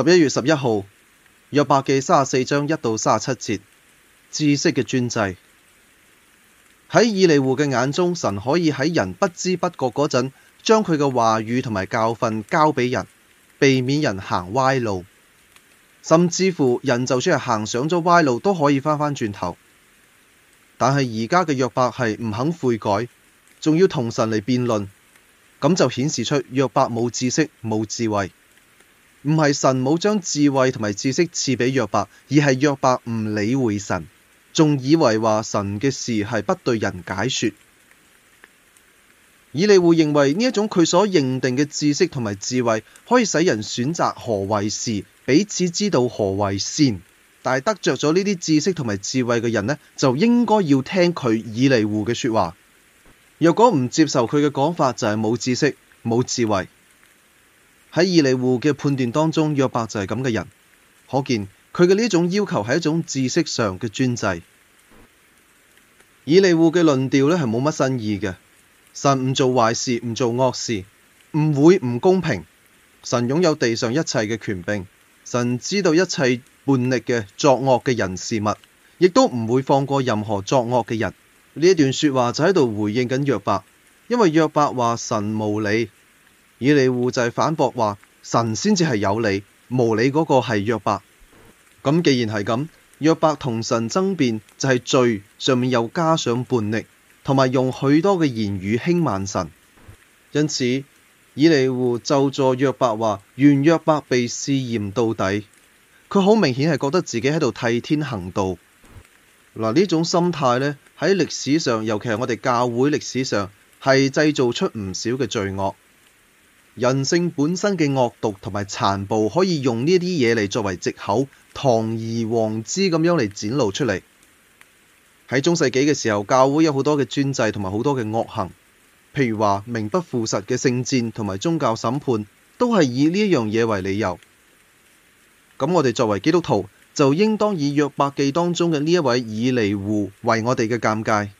十一月十一號，約伯記三十四章一到三十七節，知識嘅專制。喺以利戶嘅眼中，神可以喺人不知不覺嗰陣，將佢嘅話語同埋教訓交俾人，避免人行歪路。甚至乎人就算係行上咗歪路，都可以翻返轉頭。但係而家嘅約伯係唔肯悔改，仲要同神嚟辯論，咁就顯示出約伯冇知識、冇智慧。唔係神冇將智慧同埋知識賜畀約伯，而係約伯唔理會神，仲以為話神嘅事係不對人解說。以利戶認為呢一種佢所認定嘅知識同埋智慧，可以使人選擇何為是，彼此知道何為善。但係得着咗呢啲知識同埋智慧嘅人呢，就應該要聽佢以利戶嘅說話。若果唔接受佢嘅講法，就係冇知識，冇智慧。喺以利戶嘅判斷當中，約伯就係咁嘅人，可見佢嘅呢種要求係一種知識上嘅專制。以利戶嘅論調呢，係冇乜新意嘅，神唔做壞事，唔做惡事，唔會唔公平，神擁有地上一切嘅權柄，神知道一切叛逆嘅作惡嘅人事物，亦都唔會放過任何作惡嘅人。呢一段說話就喺度回應緊約伯，因為約伯話神無理。以利戶就係反駁話，神先至係有理，無理嗰個係約伯。咁既然係咁，約伯同神爭辯就係罪，上面又加上叛逆，同埋用許多嘅言語輕慢神。因此，以利戶就咒詛約伯話，願約伯被試驗到底。佢好明顯係覺得自己喺度替天行道。嗱，呢種心態呢，喺歷史上，尤其係我哋教會歷史上，係製造出唔少嘅罪惡。人性本身嘅惡毒同埋殘暴，可以用呢啲嘢嚟作為藉口，堂而皇之咁樣嚟展露出嚟。喺中世紀嘅時候，教會有好多嘅專制同埋好多嘅惡行，譬如話名不副實嘅聖戰同埋宗教審判，都係以呢一樣嘢為理由。咁我哋作為基督徒，就應當以約伯記當中嘅呢一位以利戶為我哋嘅鑒戒。